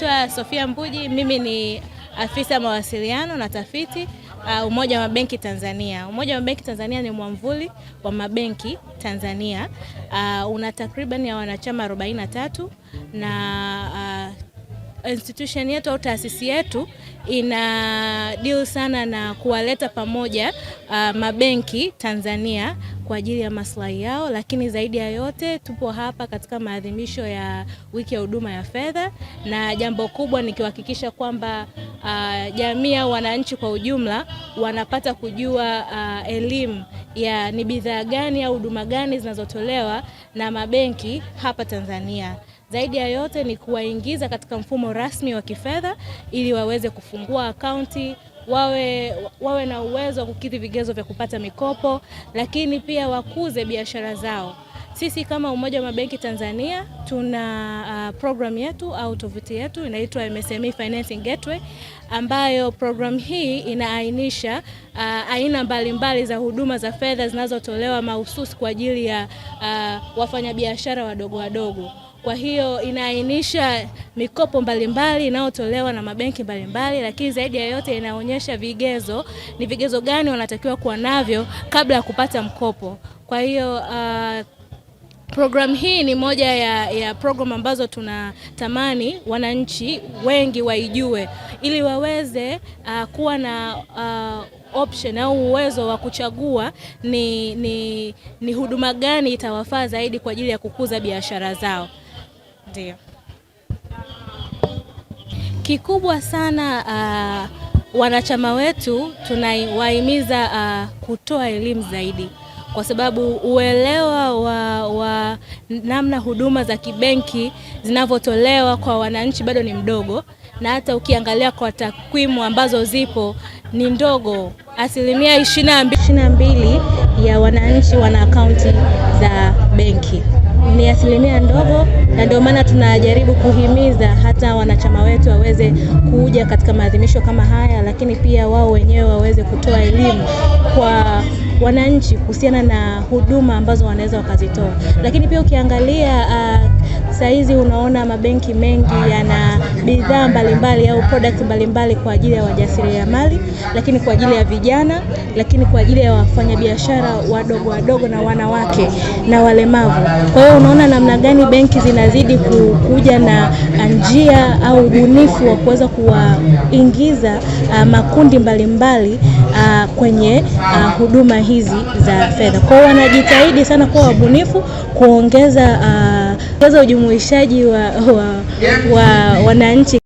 Naitwa Sofia Mbuji, mimi ni afisa mawasiliano na tafiti uh, Umoja wa Mabenki Tanzania. Umoja wa Mabenki Tanzania ni mwamvuli wa mabenki Tanzania. Uh, una takriban ya wanachama 43 na uh, institution yetu au taasisi yetu ina deal sana na kuwaleta pamoja uh, mabenki Tanzania kwa ajili ya maslahi yao, lakini zaidi ya yote tupo hapa katika maadhimisho ya wiki ya huduma ya fedha, na jambo kubwa ni kuhakikisha kwamba uh, jamii au wananchi kwa ujumla wanapata kujua uh, elimu ya ni bidhaa gani au huduma gani zinazotolewa na mabenki hapa Tanzania. Zaidi ya yote ni kuwaingiza katika mfumo rasmi wa kifedha ili waweze kufungua akaunti wawe, wawe na uwezo wa kukidhi vigezo vya kupata mikopo, lakini pia wakuze biashara zao. Sisi kama Umoja wa Mabenki Tanzania tuna uh, programu yetu au tovuti yetu inaitwa MSME Financing Gateway, ambayo programu hii inaainisha uh, aina mbalimbali za huduma za fedha zinazotolewa mahususi kwa ajili ya uh, wafanyabiashara wadogo wadogo. Kwa hiyo inaainisha mikopo mbalimbali inayotolewa na mabenki mbalimbali, lakini zaidi ya yote inaonyesha vigezo, ni vigezo gani wanatakiwa kuwa navyo kabla ya kupata mkopo. Kwa hiyo uh, program hii ni moja ya, ya program ambazo tunatamani wananchi wengi waijue ili waweze uh, kuwa na uh, option au uwezo wa kuchagua ni, ni, ni huduma gani itawafaa zaidi kwa ajili ya kukuza biashara zao. Ndio kikubwa sana uh, wanachama wetu tunawahimiza uh, kutoa elimu zaidi, kwa sababu uelewa wa, wa namna huduma za kibenki zinavyotolewa kwa wananchi bado ni mdogo, na hata ukiangalia kwa takwimu ambazo zipo ni ndogo. Asilimia ishirini na mbili ya wananchi wana akaunti za benki ni asilimia ndogo, na ndio maana tunajaribu kuhimiza hata wanachama wetu waweze kuja katika maadhimisho kama haya, lakini pia wao wenyewe waweze kutoa elimu kwa wananchi kuhusiana na huduma ambazo wanaweza wakazitoa, lakini pia ukiangalia uh, Sahizi unaona mabenki mengi yana bidhaa mbalimbali au product mbalimbali kwa ajili ya wajasiriamali, lakini kwa ajili ya vijana, lakini kwa ajili ya wafanyabiashara wadogo wadogo na wanawake na walemavu. Kwa hiyo unaona namna gani benki zinazidi kuja na ah, njia au ubunifu wa kuweza kuwaingiza uh, makundi mbalimbali mbali, uh, kwenye uh, huduma hizi za fedha. Kwa hiyo wanajitahidi sana kuwa wabunifu kuongeza uh, za ujumuishaji wa, wa, wa wananchi.